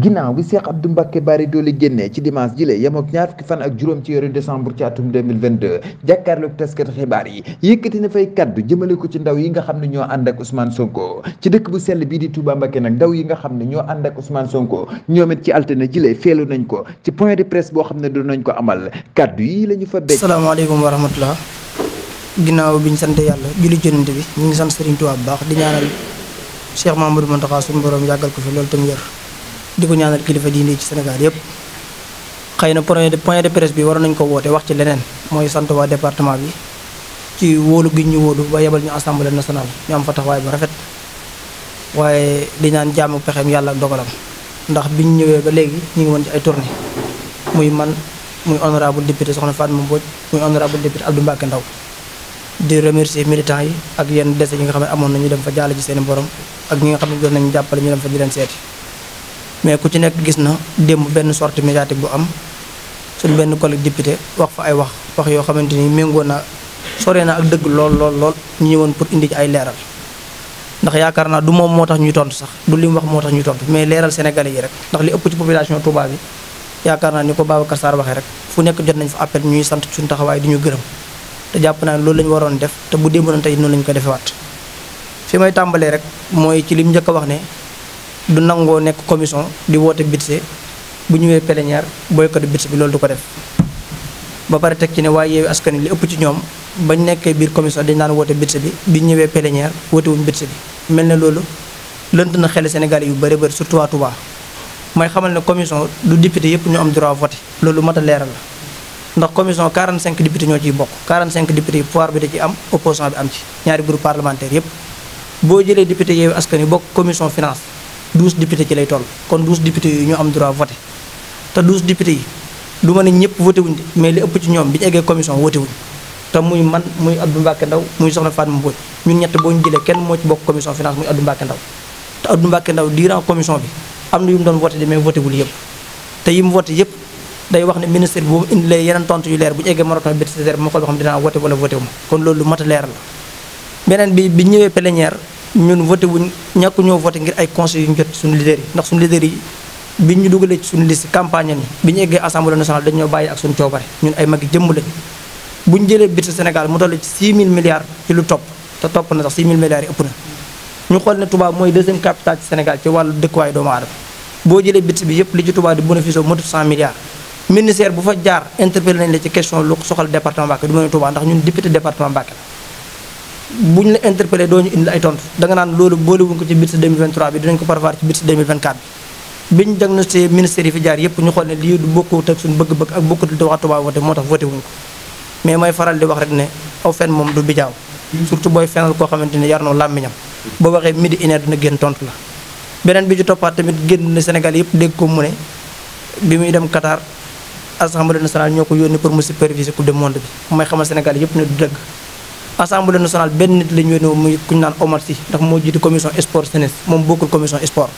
ginnaaw bi Cheikh Abdou Mbacké Bari Dooli génnee ci dimanche jile yem ak ñaar fukki fan ak juróom ci weeru décembre ci atum 2022 jàkkaarloog taskat xibaar yi yëkkati na fay kaddu jëmale ko ci ndaw yi nga xam ne ñoo ànd ak Ousmane Sonko ci dëkk bu sell bii di Touba Mbacké nag ndaw yi nga xam ne ñoo ànd ak Ousmane Sonko ñoom it ci altine jile feelu nañ ko ci point de presse boo xam ne doon nañ ko amal kaddu yi la ñu fa béy. salaamaaleykum wa rahmatulah ginnaaw bi ñu sant yàlla julli jënd bi ñu ngi sant Serigne Touba bu baax di ñaanal Cheikh Mamadou Mountakha suñu ko fi loolu tam yër di ko ñaanal kilifa diine ci Sénégal yëpp xëy na point de point de presse bi war nañ ko woote wax ci leneen mooy sant waa département bi ci wóolu gi ñu wóolu ba yebal ñu assemblée nationale ñu am fa taxawaay bu rafet waaye di ñaan jàmm pexeem yàlla dogalam ndax biñ ñëwee ba léegi ñu ngi woon ci ay tournée muy man muy honorable député soxna Fatma Mbodj muy honorable député Abdou Mbacke Ndaw di remercier militants yi ak yenn dese yi nga xam ne amoon nañu dem fa jàll ci seen borom ak nga xam ne doon nañu ñu dem fa di leen seeti mais ku ci nekk gis na démb benn sortie médiatique bu am suñ benn collègue député wax fa ay wax wax yoo xamante ni méngoo na sore na ak dëgg lool lool lool ñu ñëwoon pour indi ci ay leeral ndax yaakaar naa du moom moo tax ñuy tontu sax du li mu wax moo tax ñuy tontu mais leeral sénégalais yi rek ndax li ëpp ci population Touba bi yaakaar naa ni ko Babacar Sarr waxee rek fu nekk jot nañ fa appel ñuy sant suñu taxawaay di gërëm te jàpp naa loolu la ñu waroon def bu démb tey noonu la ñu ko defewaat fi may tàmbalee rek mooy ci li mu njëkk a wax ne du nangoo nekk commission di woote budget bu ñëwee plénière boycott budget bi loolu du ko def ba pare teg ci ne waaye yeewu askan li ëpp ci ñoom ñu nekkee biir commission dañ naan woote budget bi bi ñëwee plénière woote wuñ budget bi mel ne loolu lënt na xel Sénégal yu bëri bëri surtout waa Touba mooy xamal ne commission du député yëpp ñu am droit voté loolu mat a leeral la ndax commission 45 député ñoo ciy bokk 45 député yi pouvoir bi da ciy am opposition bi am ci ñaari yëpp boo jëlee député yeewu askan yi bokk commission finance douze députés ci lay toll kon douze députés yi ñoo am droit voté te douze députés yi du ma ne ñëpp voté wuñ mais li ëpp ci ñoom bi ñu eggee commission voté wuñ te muy man muy Abdou Mbacke Ndaw muy Soxna Fatma Mbodj ñun ñett boo ñu jëlee kenn moo ci bokk commission finance muy Abdou Mbacke Ndaw te Abdou Mbacke Ndaw durant commission bi am na yu mu doon voté de mais voté wul yëpp te yi mu voté day wax ne ministre bi bu mu yeneen tontu yu leer bu ñu eggee maraton bétisaire bi ma xool boo xam a leer la beneen bi bi ñëwee plénière ñun voté wuñ ñàkk ñoo voté ngir ay conseils yu ñu jot suñu leader yi ndax suñu leader yi bi ñu dugalee ci suñu liste campagne ni bi ñu eggee assemblée nationale dañu ñoo bàyyi ak suñu coobare ñun ay magi jëmm lañ bu ñu jëlee biir Sénégal mu toll ci 6 000 milliards ci lu topp te topp na sax 6 000 milliards yi ëpp na ñu xool ne Touba mooy deuxième capitale ci Sénégal ci wàllu dëkkuwaayu doomu aadama boo jëlee bit bi yëpp li ci Touba di bénéfice au motif 100 milliards ministère bu fa jaar interpellé nañ la ci bu ñu la interpellé doo ñu indi ay tontu danga naan loolu boolewuñ ko ci budget 2023 bi dinañ ko prévoir bi bi ñu fi jaar yëpp xool ne lii du bokkut ak suñu bëgg-bëgg ak bokkut li wax ko mais di wax rek ne aw fen moom du bijaaw surtout booy fenal koo xamante ne yar na làmmiñam boo waxee midi une heure génn tontu la beneen bi ci toppaat tamit génn na Sénégal yëpp dégg ko mu bi muy dem Qatar assemblée nationale ñoo pour mu superviser coupe du monde bi mooy yëpp ne dëgg assemblée nationale benn nit la ñu wénoo kuñ naan Omar Sy ndax moo jiitu commission sport jeunesse moom bokkul commission sport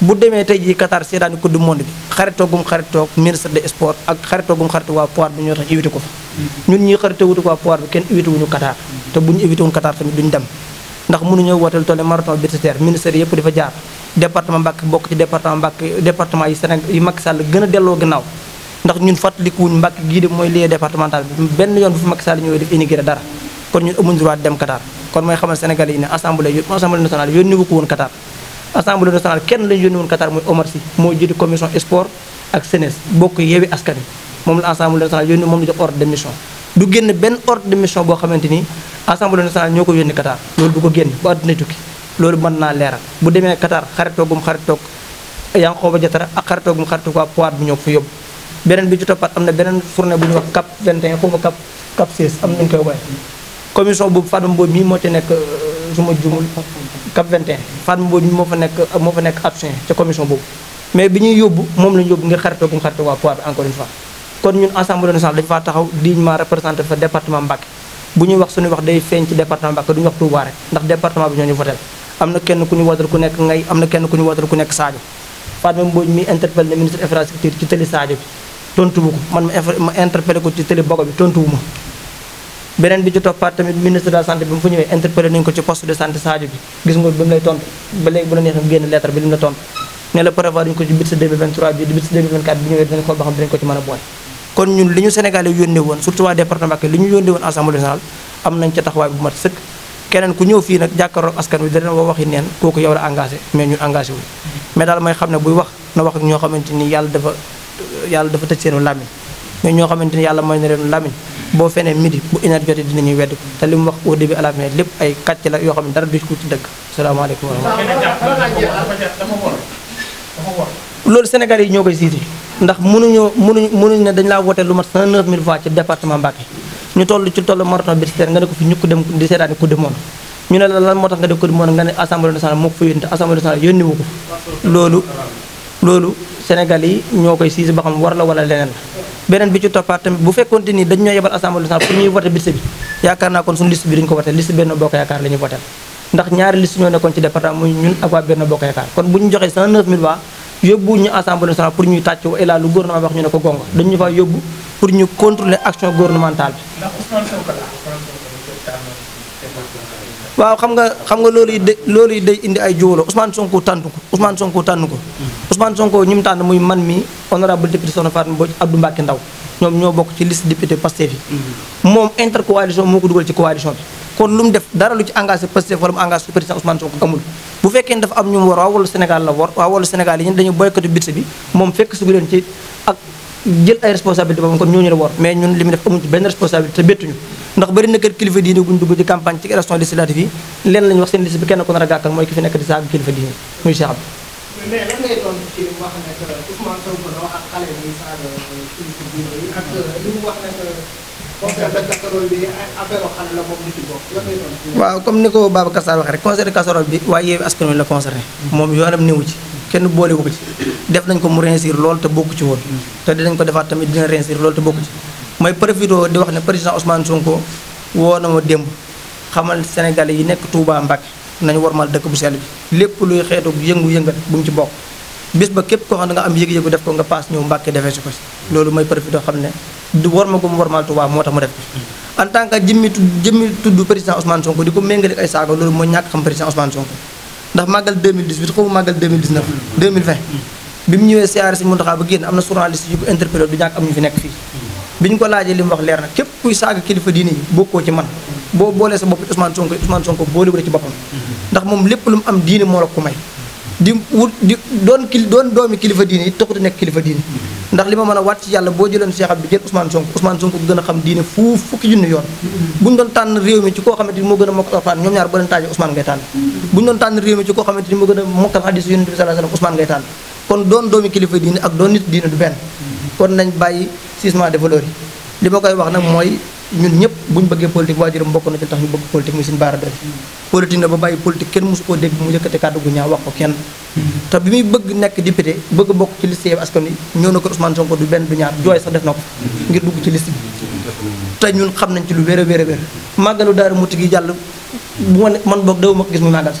bu demee tey jii Qatar seedaani coupe du monde bi xaritoo gum xaritoo ministre de sport ak xaritoo gum xaritoo waa pouvoir bi ñoo tax évité ko ñun ñuy xaritoo wutu waa pouvoir bi kenn évité wuñu Qatar te bu ñu évité wuñu Qatar tamit duñu dem ndax mënuñoo wootel tolle marathon budgétaire ministère yëpp dafa jaar département Mbacké bokk ci département Mbacké département yi Sénégal yi Macky Sall gën delloo gannaaw ndax ñun fàttaliku wuñu Mbacké gii de mooy lieu départemental bi benn yoon bu fi Macky Sall ñëwee def inigré dara kon ñun amuñu droit dem Qatar kon mooy xamal Sénégalais yi ne assemblée assemblée nationale yónni wu ko woon Qatar assemblée nationale kenn lañu yónni woon Qatar mooy Omar Sy moo jiite commission sport ak CNES bokk yeewi askan moom la assemblée nationale yónni moom la jox ordre de mission du génn benn ordre de mission boo xamante ni assemblée nationale ñoo ko yónni Qatar loolu du ko génn bu àdduna tukki loolu mën naa leeral bu demee Qatar xaritoogum xaritoog Yankhoba Diattara ak xaritoogum xaritoog waa Poids bi ñoo ko beneen bi ci am na beneen fournée bu ñuy wax CAP 21 xaw ma CAP commission boobu Fatma Mbow mii moo ci nekk euh, su ma jumul cap 21 Fatma Mbow mii moo fa nekk euh, moo fa nekk absent ca commission boobu mais bi ñuy yóbbu moom la ñu yóbbu ngir xaritoo gum xaritoo waa Poids bi encore une fois kon taxaw dignement représenté fa département Mbacké bu ñuy wax suñuy wax day feeñ ndax département bi ñoo ñu votel am na kenn ku ñu wootal ku nekk ngay am na kenn ku ñu wootal ku nekk Sadio Fatma Mbow mi interpellé na ministre infrastructure ci tëli Sadio bi tontu wu ko man ma interpellé ko ci tëli Bogo bi tontu beneen bi ci toppaat tamit ministre de la santé bi mu fu ñëwee interpellé nañu ko ci poste de santé Sadio bi gis nga bi mu lay tontu ba léegi bu la neexee génn lettre bi li mu la tontu ne la prévoir ñu bi budget 2024 xam dinañ ko a boole ca taxawaay bu mat sëkk keneen ku ñëw fii nag jàkkaarloog askan wi dana wax waxi neen kooku yow la engagé mais ñun engagé mais daal may xam ne buy wax na wax ak ñoo xamante ni yàlla dafa yàlla dafa tëj seen làmmiñ ñoo ñoo xamante ni yàlla mooy ne leen lamiñ boo fenee midi bu inaat jotee dinañuy wedd te li mu wax au début à la fin lépp ay kàcc la yoo xam ne dara du ko ci dëgg asalaamaaleykum wa rahmatulah loolu Sénégal yi ñoo koy siiti ndax mënuñu mënuñu mënuñu ne dañu laa voté lu mat 109000 voix ci département Mbacké ñu toll ci toll marathon bi ci nga ne ko fi ñu ñukk dem di seetaani coupe du monde ñu ne la lan moo tax nga def coupe du nga ne assemblée nationale moo ko fa yónni te assemblée nationale yónni ko loolu Sénégal yi ñoo koy siis ba xam war la wala leneen beneen bi ci toppaat tamit bu fekkoonte ni dañ ñoo yebal assemblée nationale pour ñuy voté budget bi yaakaar naa kon suñu liste bi duñ ko voté liste benn bokk yaakaar la ñuy voté ndax ñaari liste ñoo nekkoon ci département muy ñun ak waa benn bokk yaakaar kon bu ñu joxee 109000 voix yóbbu ñu assemblée nationale pour ñuy tàcc wa ilaa lu gouvernement bi wax ñu ne ko gonga dañu ñu fa yóbbu pour ñu contrôler action gouvernementale bi waaw xam nga xam nga loolu yi de day indi ay juwalo Ousmane Sonko tànn ko Ousmane Sonko tànn ko Ousmane Sonko ñi mu tànn muy man mi honorable député Soxna Fatou Mbodj Abdou Mbacké Ndaw ñoom ñoo bokk ci liste député Pastef yi mhm. moom intercoalition moo ko dugal ci coalition bi kon lu mu def dara lu ci engagé Pastef wala mu engagé su président Ousmane Sonko amul bu fekkee ne dafa am ñu mu war waaw wala Sénégal la war waaw wala Sénégal yi ñun dañu boycotté budget bi jël ay responsabilité boobu kon ñooñu la war mais ñun li mu def amuñ ci benn responsabilité te bettuñu ndax bëri na kër kilifa diine guñ dugg ci campagne ci élection leen lañu wax seen liste bi kenn ko nar a gàkkal di saaga kilifa diine muy Cheikh Abdou mais lan ngay doon ci li mu wax nag Ousmane Sonko na wax ak moom du ci bokk waaw comme ni ko Babacar Sarr waxee rek concert de casserole bi waaye Yewwi Askan Wi la concerné moom yoonam néewu ci kenn boole wu ko ci def nañ ko mu réussir lool te bokku ci woon te dinañ ko defaat tamit dina réussir lool te bokku ci may profito di wax ne président Ousmane Sonko woo na ma démb xamal Sénégalais yi nekk Touba Mbacké nañu warmal dëkk bu sell bi lépp luy xeetu mu ci bokk bis ba képp koo xam ne nga am yëg-yëgu def ko nga paas ñëw Mbacké defee si ko si loolu may profito xam ne du war ma ko mu warmal Touba moo tax mu def en tant que jëmmi jëmmi tudd président Ousmane Sonko di ko méngale ay saaga loolu mooy ñàkk xam président Ousmane Sonko ndax màggal 2018 xaw ma màggal 2019 2020 bi mu ñëwee siyaare si Muntaxa ba génn am na journaliste yu ko interpellé du ñàkk am ñu fi nekk fii bi ñu ko laajee li mu wax leer na képp kuy saaga kilifa diine yi bokkoo ci man boo boolee sa bopp Ousmane Sonko Ousmane Sonko boole ci boppam ndax moom lépp lu mu am diine moo la ko may di doon kil doon doomi kilifa diine yi taxut nekk kilifa diini ndax li ma mën a waat ci yàlla boo jëloon Cheikh Abdou jël Ousmane Sonko Ousmane Sonko gën a xam diine fuuf fukki junni yoon bu ñu doon tànn réew mi ci koo xamante ni moo gën a mokkal alxuraan ñoom ñaar boo leen tàjje Ousmane ngay tànn bu ñu doon tànn a mokkal kon doon doomi kilifa diine ak doon nit diine du benn kon nañ bàyyi sisement de valeur li ma koy wax nag mooy ñun ñëpp buñ bëggee politique waajuram bokk na ci tax ñu bëgg politique muy suñu baara doy politique na ba bàyyi politique kenn mosu koo dégg mu yëkkate kàddu gu ñaaw wax ko kenn te bi muy bëgg nekk député bëgg bokk ci liste Yewwi Askan Wi ñëw na ko Ousmane Sonko du benn du ñaar jooy sax def na ko ngir dugg ci liste bi te ñun xam nañ ci lu wér a wér a wér màggalu Daaru Muxti gi jàll bu ma man boog dawuma ko gis muy màggal si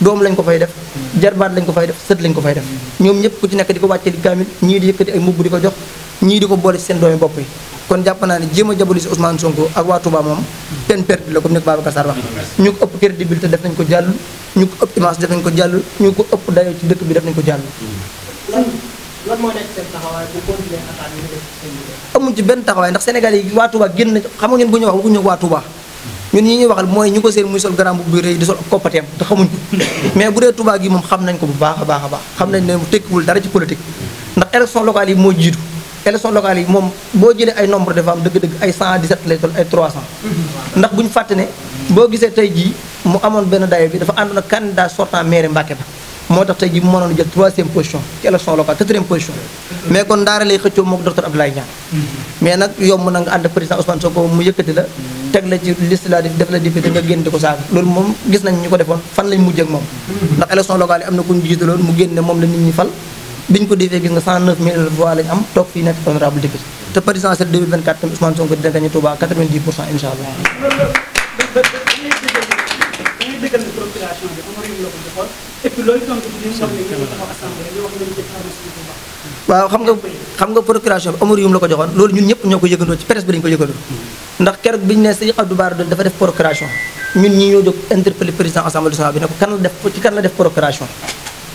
doom lañ ko fay def jarbaat lañ ko fay def sët lañ ko fay def ñoom ñëpp ku ci nekk di ko wàccee di kaamil ñii di yëkkati ay mbubb di ko jox ñii di ko boole ci seen doomi bopp yi kon jàpp naa ne jéem a jaboli si Ousmane Sonko ak waa Touba moom ten perte la comme ni ko Babacar Sarr wax ñu ko ëpp crédibilité def nañ ko jàll ñu ko ëpp image def nañ ko jàll ñu ko ëpp dayoo ci dëkk bi def nañ ko jàll amuñ ci benn taxawaay ndax Sénégal yi waa Touba génn na xam bu ñëw wax waxuñu waa Touba ñun ñi ñuy waxal mooy ñu ko seen muy sol grand bu rëy di sol koppateem te xamuñ ko mais bu dee Touba gi moom xam nañ ko bu baax a baax a baax xam nañ ne mu tekkiwul dara ci politique ndax élection locale yi moo jiitu élection locale yi moom boo jëlee ay nombre de femmes dëgg-dëgg ay 117 lay toll ay 300 ndax bu ñu fàtte ne boo gisee tey jii mu amoon benn dayo bi dafa àndoon ak candidat sortant maire Mbàkke ba moo tax tey jii mu mënoon jël troisième position ci élection locale quatrième position mais kon ndaara teg la ci législative def la député nga génn di ko saaga loolu moom gis nañ ñu ko defoon fan lañ mujj ak moom ndax élection locale yi am na ku ñu jiitaloon mu génne moom la nit ñi fal biñ ko defee gis nga 109000 voix lañ am toog fii nekk honorable député te présidentielle 2024 xam nga xam nga procuration bi amul ko joxoon loolu ñun ñëpp ñoo ko yëgandoo ci presse bi dañu ko yëgandoo ndax keroog bi ñu ne Sëñ Abdou Bara Dolly dafa def procuration ñun ñi ñoo jóg interpellé président assemblée nationale bi ne ko kan la def ci kan la def procuration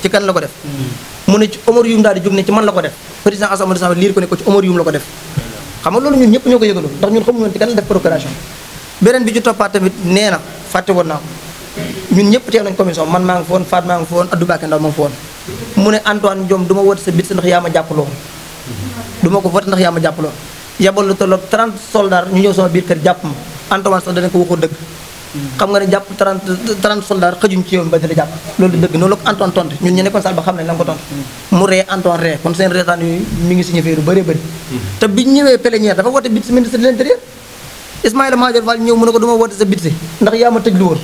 ci kan la ko def hmm. mu ne ci Omar Youm daal di jóg ne ci man la ko def président assemblée nationale liir ko ne ko ci Omar la ko def xam nga loolu ñun ñëpp ñoo ko yëgaloo ndax ñun xamuñu woon ci kan la def procuration beneen bi ci toppaat tamit nee na fàtte woon naa ko ñun ñëpp teew nañ commission man maa ngi foon Faat maa ngi foon Abdou Bakane Ndaw maa ngi foon mu ne ma woote sa bit sa ndax yaa ko voté ndax yaa ma jàppaloo hmm. yabal lu tolloog 30 soldats ñu ñëw sama biir kër jàpp ma Antoine sax dana ko waxoo dëgg. xam nga ne jàpp 30 30 xëjuñ ci yoon ba dina jàpp. loolu dëgg noonu la ko Antoine tontu ñun ñu nekkoon yooyu mu ne ko du ma woote sa bitsi ndax yaa ma tëj lu wër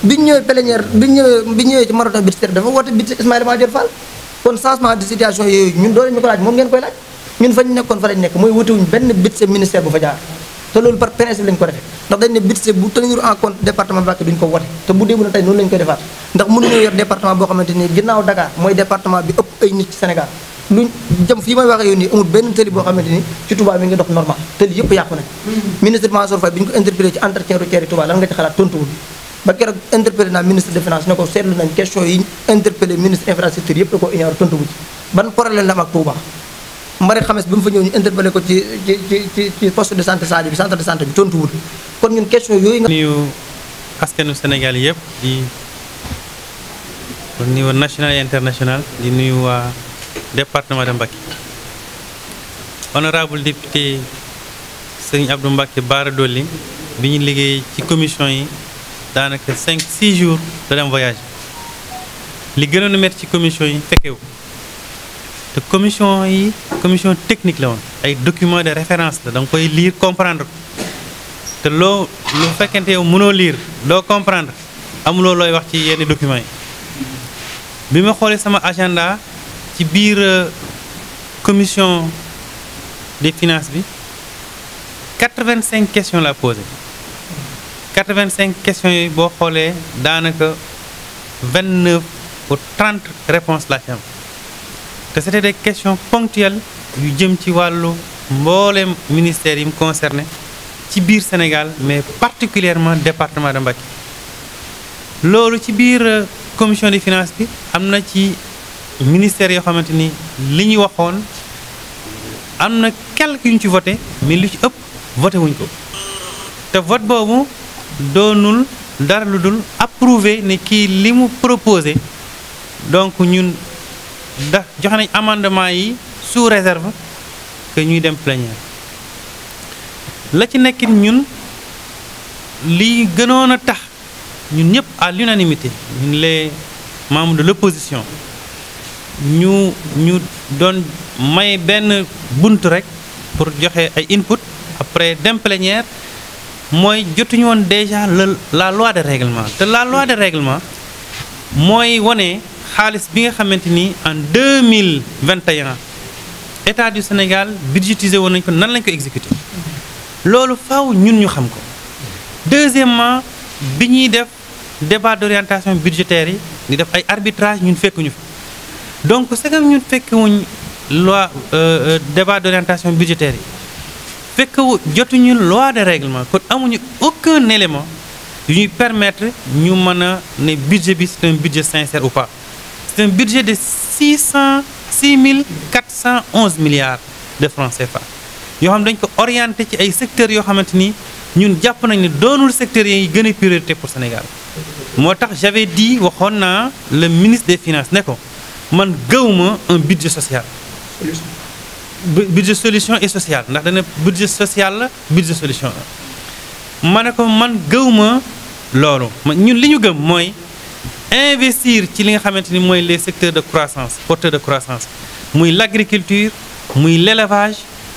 biñ ñëwee plénière biñ ñëwee biñ ñëwee ci marathon bitsi dafa woote bitsi Ismaïla Madior Fall kon changement de situation yooyu ñun doole ñu ko laaj moom ngeen koy laaj ñun fañ nekkoon fa lañ nekk mooy wutiwuñ benn budget ministère bu fa jaar te loolu par principe lañ ko defee ndax dañ ne budget bu tenir en compte département Mbacké duñ ko wote te bu déebu na tey noonu lañ koy boo xamante ni ginnaaw Dakar mooy département bi ëpp ay nit ci Sénégal lu jëm nii ci Touba mi ngi dox normal tëli yëpp yàqu nañ mm-hmm. ministre Mansour Faye bi ñu ko interpellé ci entretien routier Touba lan nga ci xalaat tontuwul ba keroog interpellé naa ministre de finance ne ko seetlu nañ question yi interpellé Marie Xames bi mu fa ñëw ñu interpellé ko ci ci ci ci poste de santé Sadio bi centre de santé bi tontuwul kon ñun question yooyu nga nuyu askanu Sénégal yëpp di au niveau et international di nuyu waa département de Mbacké honorable député Serigne Abdou Mbacké Bara Dolly bi ñu liggéey ci commission yi daanaka cinq six jours da dem voyage li gënoon a métti ci commission yi fekkewu te commission yi commission technique la woon ay document de référence la danga koy liir comprendre ko te loo lu fekkente yow mënoo liir doo comprendre amuloo looy wax ci yenn documents yi bi ma xoolee sama agenda ci biir euh, commission des finance bi 85 questions la posé 85 questions yi boo xoolee daanaka 29 ou 30 réponses laa ci te c'était des questions ponctuelles yu jëm ci wàllu mbooleem ministères yi mu concerné ci biir Sénégal mais particulièrement département de Mbacké loolu ci biir euh, commission des finance bi am na ci ministères yoo xamante ni li ñu waxoon am na quelques yu ñu ci voté mais lu ci ëpp voté wuñ ko te vote boobu doonul dara lu dul approuvé ne kii li mu proposé donc ñun ndax joxe nañ amendement yi sous réserve que ñuy dem plénière la ci nekkit ñun li gënoon a tax ñun ñëpp à l'unanimité ñun les membres de l'opposition ñu ñu doon may benn bunt rek pour joxe ay input après dem plénière mooy jotuñu woon déjà la loi de réglement te la loi de réglement mooy wone xaalis bi nga xamante ni en 2021 état du Sénégal budgétisé woon nañ ko nan lañ ko exécuté loolu faw ñun ñu xam ko deuxièmement bi ñuy def débat d'orientation budgétaire yi di def ay arbitrage ñun fekkuñu fa donc c'est que ñun fekkwuñ loi euh, euh, débat d'orientation budgétaire yi fekkewu jotuñu loi de règlement kon amuñu aucun élément yu ñuy permettre ñu mën a ne budget bi c'est un budget sincère d'un budget de 600 cent 411 milliards de francs fa yoo xam dañ ko orienté ci ay secteurs yoo xamante ni ñun jàpp nañ ne doonul secteurs yi gën a priorité pour Sénégal moo tax j'avais di waxoon naa le ministre des finances ne ko man gëwma un budget social budget solution et social ndax dana budget social la budget solution ma ne ko man gëwma loolu ñun li ñu gëm mooy investir ci li nga xamante ni mooy les secteurs de croissance porteurs de croissance muy l' muy l'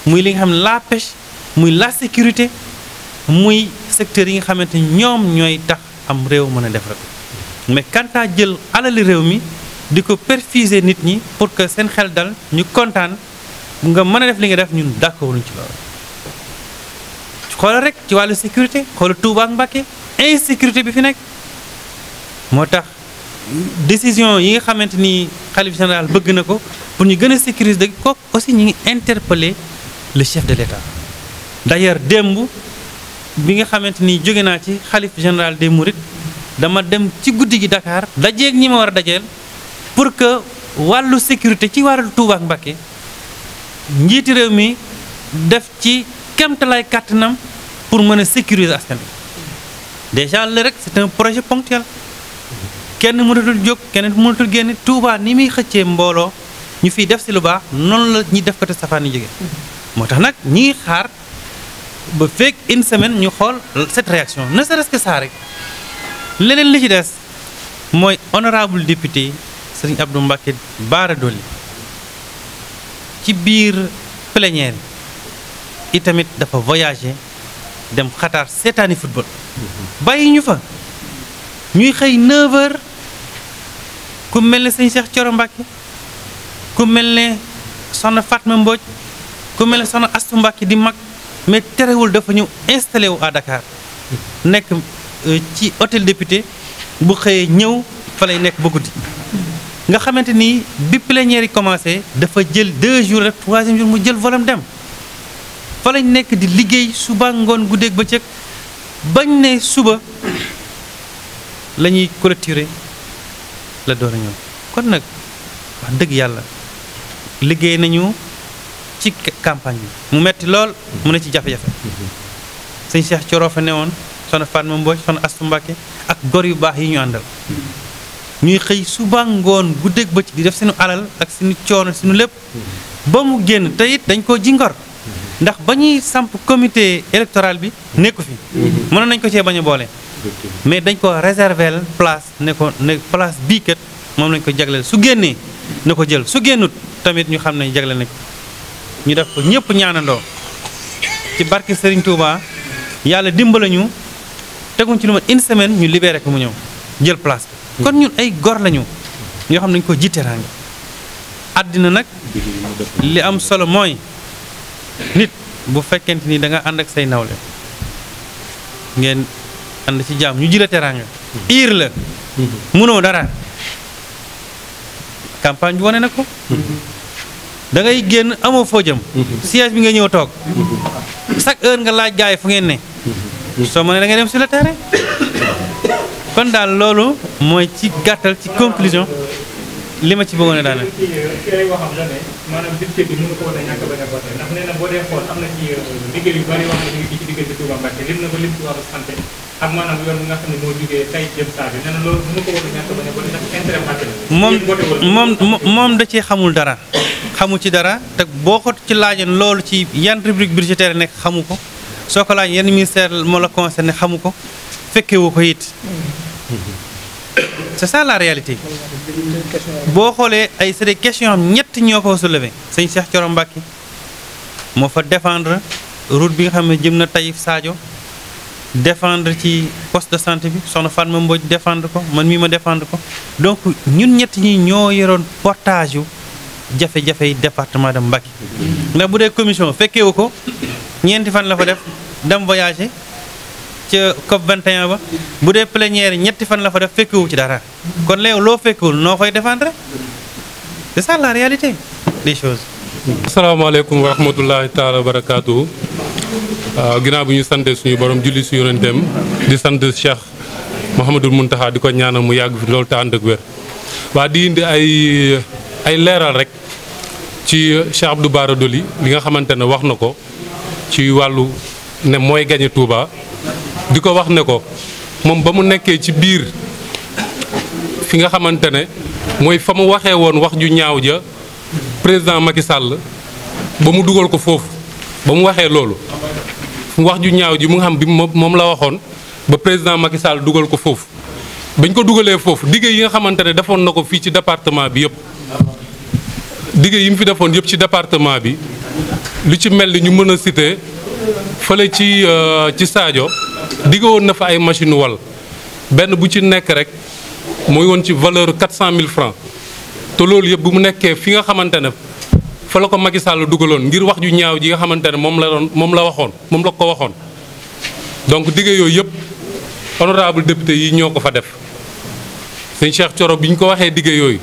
muy li nga xam ne la pêche muy la sécurité muy secteurs yi nga xamante ni ñoom ñooy tax am réew mën a def rek mais quant jël alali réew mi di ko perfuser nit ñi pour que seen xel dal ñu kontaan nga mën a def li nga def ñun d' accord ci loolu. xoolal rek ci wàllu sécurité xoolal Touba ak Mbacké insécurité bi fi nekk moo tax. décision yi nga xamante ni xalif général bëgg na ko pour ñu gën a sécuriser kooku aussi ñu ngi interpeller le chef de l'État d'ailleurs démb bi nga xamante ni jóge naa ci xalif général des Mourides dama dem ci guddi gi Dakar dajeeg ñi ma war a dajeel pour que wàllu sécurité ci wàllu Touba ak Mbacké njiiti réew mi def ci kemtalaay kàttanam pour mën a sécuriser askan déjà le rek c'est un projet ponctuel kenn mënatul jóg kenn mënatul génn Touba ni muy xëccee mbooloo ñu fiy def si lu baax noonu la ñuy def ko te safaan yi jóge moo tax nag ñi xaar ba fekk une semaine ñu xool cette réaction ne serait-ce que ça leneen li ci des mooy honorable député sëriñ Abdou Mbacké Bara Dolly ci biir plénière itamit dafa voyagé dem xataar seetaani football mm-hmm. bàyyi ñu fa ñuy xëy ku mel ne sëñ Cheikh Thioro Mbacke ku mel ne soxna Fatma Mbodj ku mel ne soxna Astou Mbacke di mag mais terewul dafa ñëw installé wu à Dakar nekk euh, ci hôtel député bu xëyee ñëw fa lay nekk ba guddi nga xamante ni bi plénière yi commencé dafa jël deux jours rek mu jël volam dem fa lañ nekk di liggéey suba ngoon ba bëccëg bañ ne suba la ñuy clôturer la door a ñëw kon nag wax dëgg yàlla liggéey nañu ci campagne bi mu metti lool mu ne ci jafe-jafe sëñ Cheikh Coro fa ne woon soxna Fatma Mbooj soxna Astu Mbàkke ak gor yu baax yi ñu àndal ñuy xëy suba ngoon guddeeg bëcc di def seen alal ak seen coono seen lépp ba mu génn te it dañ koo ji ngor ndax ba ñuy samp comité électoral bi nekku fi mm-hmm. mënoon nañ ko cee bañ a boole mais dañ ko réserver place ne ko ne place bii kat moom lañ ko jagleel su génnee na ko jël su génnut tamit ñu xam ne jagle nañ ko ñu def ko ñëpp ñaanandoo ci barke Serigne Touba yàlla dimbala ñu teguñ ci lu ma une semaine ñu libéré ko mu ñëw jël place hmm. kon ñun ay gor lañu ñoo xam ne dañu ko jiiteraange àddina nag li am solo mooy nit bu fekkent ni da nga ànd ak say nawle ngeen ànd ci jaam ñu ji la teraanga iir la mënoo dara campagne bi wane na ko da génn amoo foo jëm bi nga ñëw toog chaque heure nga laaj gaay fu ngeen ne soo mënee dangay dem sur le kon daal loolu mooy ci gàttal ci conclusion li ma ci bëggoon a ak maanaam moom moom moom da cee xamul dara xamul ci dara te boo ko ci laajoon loolu ci yan rubrique budgétaire nekk xamu ko soo ko laaj yan ministère moo la xamu ko fekkewu ko it c'est ça boo xoolee ay c'est question questions am ñett ñoo ko soulevé sëñ Cheikh Thioro Mbacké moo fa défendre route bi nga xam ne jëm na Taïf saajo défendre ci poste de santé bi soxna Fatma Mbodj défendre ko man mii ma défendre ko donc ñun ñetti ñi ñoo yoroon portage yu jafe-jafe yi département de Mbacké ndax bu dee commission fekkewu ko ñeenti fan la fa def dem voyager ca COP 21 ba bu dee plénière ñetti fan la fa def fekkewu ci dara kon léegi loo fekkewul noo koy défendre c'est ça réalité des choses asalaamaaleykum wa rahmatullahi taala wa barakaatu. waaw ah, bi ñu sante suñu borom julli si yonenteem di sant Cheikh Mouhamadul Mountakha di ko ñaanal mu yàgg loolu te ànd ak wér. waa di indi ay ay leeral rek ci Cheikh du baara Dolly li nga xamante ne wax na ko ci wàllu ne mooy gañe Touba di ko wax ne ko moom ba mu nekkee ci biir fi nga xamante ne mooy fa mu waxee woon wax ju ñaaw ja. président Macky Sall ba mu dugal ko foofu ba mu waxee loolu wax ju ñaaw ji mu nga xam bi moom la waxoon ba président Macky Sall dugal ko foofu bañ ko dugalee foofu digge yi nga xamante ne defoon na ko fii ci département bi yëpp digge yi mu fi defoon yëpp ci département bi lu ci mel ni ñu mën a citer fële ci euh, ci Sadio digge woon na fa ay machine wal benn bu ci nekk rek mooy woon ci valeur 400 000 francs te loolu yëpp bu mu nekkee fi nga xamante ne fa la ko Macky Sall dugaloon ngir wax ju ñaaw ji nga xamante ne moom la doon moom la waxoon moom la ko waxoon donc digge yooyu yëpp honorable député yi ñoo ko fa def sëñ Cheikh Thioro bi ñu ko waxee digge yooyu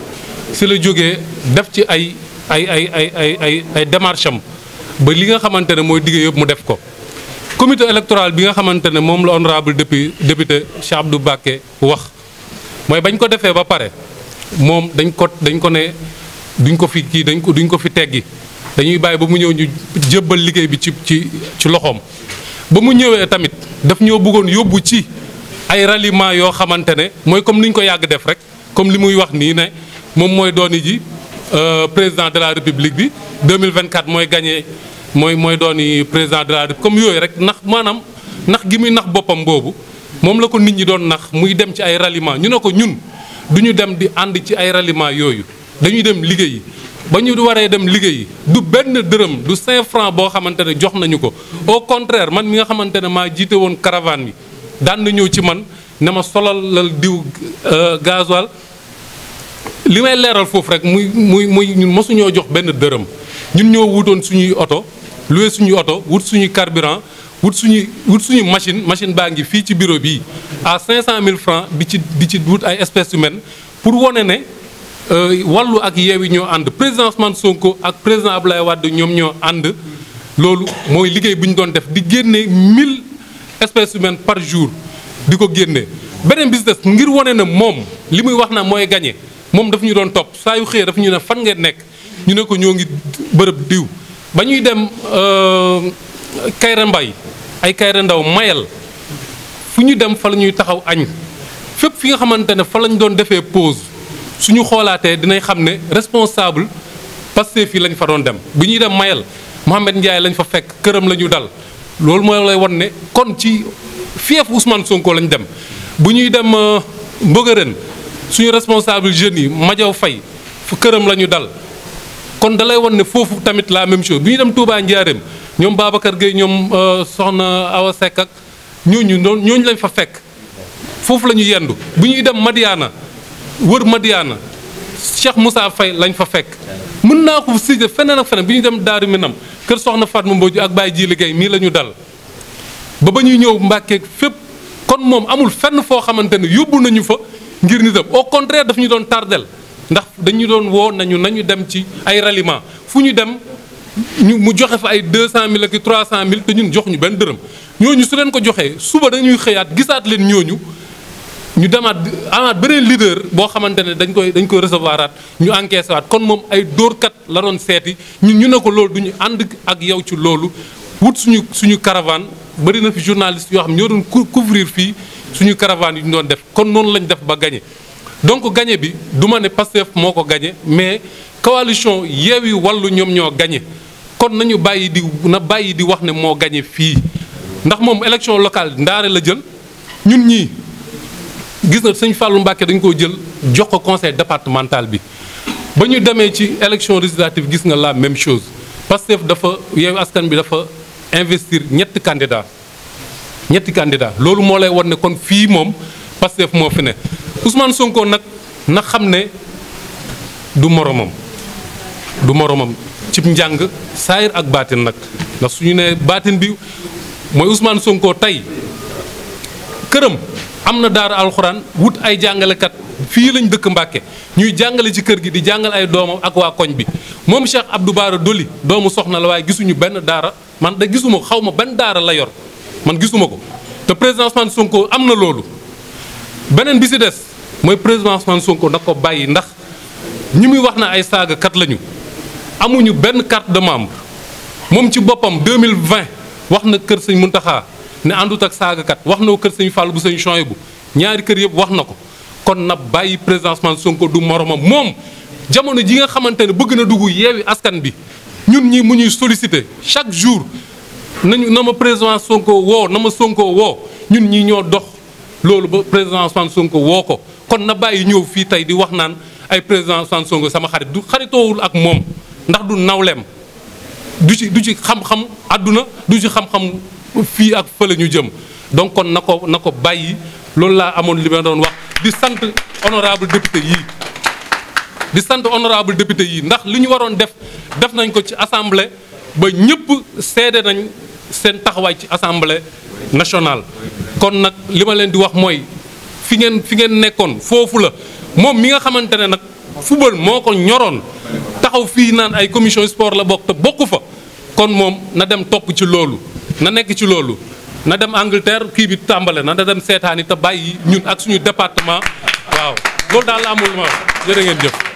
si la jógee def ci ay ay ay ay ay ay ay démarche am ba li nga xamante ne mooy digge yëpp mu def ko comité électoral bi nga xamante ne moom la honorable député Cheikh Abdou Bakke wax mooy bañ ko defee ba pare moom dañ ko dañ ko ne duñ ko fi kii dañ ko duñ ko fi teggi dañuy bàyyi ba mu ñëw ñu jébbal liggéey bi ci ci ci loxoom. ba mu ñëwee tamit daf ñoo buggoon yóbbu ci ay ralliement yoo xamante ne mooy comme ni ñu ko yàgg def rek comme li muy wax nii ne moom mooy dooni ji euh, président de la république bi 2024 mooy gagné mooy mooy dooni président de la république comme yooyu rek ndax maanaam ndax gi muy nax boppam boobu moom la ko nit ñi doon nax muy dem ci ay ralliement ñu ne ko ñun. du ñu dem di ànd ci ay ralliement yooyu dañuy dem liggéey ba ñu waree dem liggéey du benn dërëm du cinq francs boo xamante ne jox nañu ko au contraire man mi nga xamante ne maa jiite woon caravane bi daan na ñëw ci man ne ma solalal diw euh, gasoil li may leeral foofu rek muy muy muy ñun mosuñoo jox benn dërëm ñun ñoo wutoon suñuy oto loué suñuy oto wut suñuy carburant wut suñu wut suñu machine machine baa ngi fii ci bureau bi à mille francs bi ci di ci wut ay espèces humaines pour wane ne euh, wàllu ak yeewi ñoo ànd président Ousmane Sonko ak président Abdoulaye Wade ñoom ñoo ànd loolu mooy liggéey bu ñu doon def di génne mille espèces humaines par jour di ko génne. beneen business ngir wane na moom li muy wax na mooy gagné moom daf ñu doon topp saa yu xëyee dafa ñu ne fan ngeen nekk ñu ne ko ñoo ngi bërëb diw ba ñuy dem. Euh, kayra mbay ay kayra ndaw mayal fu ñu dem fa la ñuy taxaw añ fépp fi nga xamante ne fa lañ doon defee pause suñu xoolaatee dinañ xam ne responsable Pastef fii lañu fa doon dem bu ñuy dem mayal Mohamed Ndiaye lañ fa fekk këram la ñu dal loolu mooy lay wan ne kon ci fief Ousmane Sonko lañ dem bu ñuy dem euh, mbëgërën suñu responsable jeunes yi Madiaw Faye fu këram la ñu dal kon da lay wan ne foofu tamit la même chose bu ñuy dem Touba Ndiarème ñoom Babacar Gueye ñoom euh, soxna Awa ak ñooñu noonu ñooñu lañ fa fekk foofu la ñu yendu bu ñuy dem Madiana wër Madiana Cheikh Moussa Faye lañ fa fekk mën naa ko sije feneen ak feneen bi ñu dem Daaru Minam kër soxna Fatma Mbodj ak baay jii liggéey mii lañu dal ba ba ñuy ñëw Mbàkke fépp kon moom amul fenn foo xamante ne yóbbu nañu fa ngir nitam au contraire daf ñu doon tardel ndax dañu doon woo nañu nañu dem ci ay ralliement fu ñu dem ñu mu joxe fa ay deux cent mille ak trois cent mille te ñun jox ñu benn dërëm ñooñu su leen ko joxee suba dañuy xëyaat gisaat leen ñooñu ñu demaat amaat beneen leader boo xamante ne dañ koy dañ koy recevoiraat ñu encaissé waat kon moom ay dóorkat la doon seeti ñun ñu ne ko loolu du ñu ànd ak yow ci loolu wut suñu suñu caravane bëri na fi journaliste yoo xam ñoo doon couvrir fii suñu caravane yi ñu doon def kon noonu lañ def ba gagné donc gagné bi du ma ne Pastef moo ko gagné mais coalition Yewwi Wallu ñoom ñoo gagné. kon nañu bàyyi di na bàyyi di wax ne moo gañe fii ndax moom élection locale ndaare la jël ñun ñii gis na sëñ Fallou Mbacke dañ koo jël jox ko conseil départemental bi ba ñu demee ci élection législative gis nga la même chose Pastef dafa Yewwi Askan bi dafa investir ñetti candidat ñetti candidat loolu moo lay won ne kon fii moom Pastef moo fi ne Ousmane Sonko nag na xam ne du moromam du moromam cib njàng saayir ak baatin nag ndax su ñu nee baatin bi mooy usmaan Sonko tey këram am na daara alxuraan wut ay jàngalekat fii lañ dëkk Mbàkke ñuy jàngale ci kër gi di jàngal ay doomam ak waa koñ bi moom Cheikh Abdou Bara Doli doomu soxna la waaye gisuñu benn daara man da gisuma xaw ma benn daara la yor man gisuma ko te président Ousmane Sonko am na loolu beneen bi si des mooy président Ousmane Sonko ndax ko bàyyi ndax ñi muy wax na ay saagakat lañu amuñu benn carte de membre moom ci boppam 2020 wax na kër sëñ Muntaxa ne àndut ak saagakat wax na ko kër sëñ fal bu sëñ Choy bu ñaari kër yëpp wax na ko kon na bàyyi président Ousmane Sonko du moromam moom jamono ji nga xamante ne bëgg na dugg yeewi askan bi ñun ñi mu ñuy sollicité chaque jour nañu na ma président Sonko woo na ma Sonko woo ñun ñi ñoo dox loolu ba président Ousmane Sonko woo ko kon na bàyyi ñëw fii tey di wax naan ay président Ousmane Sonko sama xarit du xaritoowul ak moom ndax du nawleem du ci du ci xam-xam àdduna du ci xam-xam fii ak fële ñu jëm donc kon na ko na ko bàyyi loolu laa amoon li ma doon wax di sant honorable député yii di sant honorable yii ndax li ñu waroon def def nañ ko ci assemblée ba ñëpp seede nañ seen taxawaay ci assemblée nationale kon nag li ma leen di wax mooy fi ngeen fi ngeen nekkoon foofu la moom mi nga xamante ne nag football moo ko ñoroon taxaw fii naan ay commission sport la bokk te bokku fa kon moom na dem topp ci loolu na nekk ci loolu na dem Angleterre kii bi tàmbale na na dem seetaani te bàyyi ñun ak suñu département waaw loolu daal la amul ma jërë jëf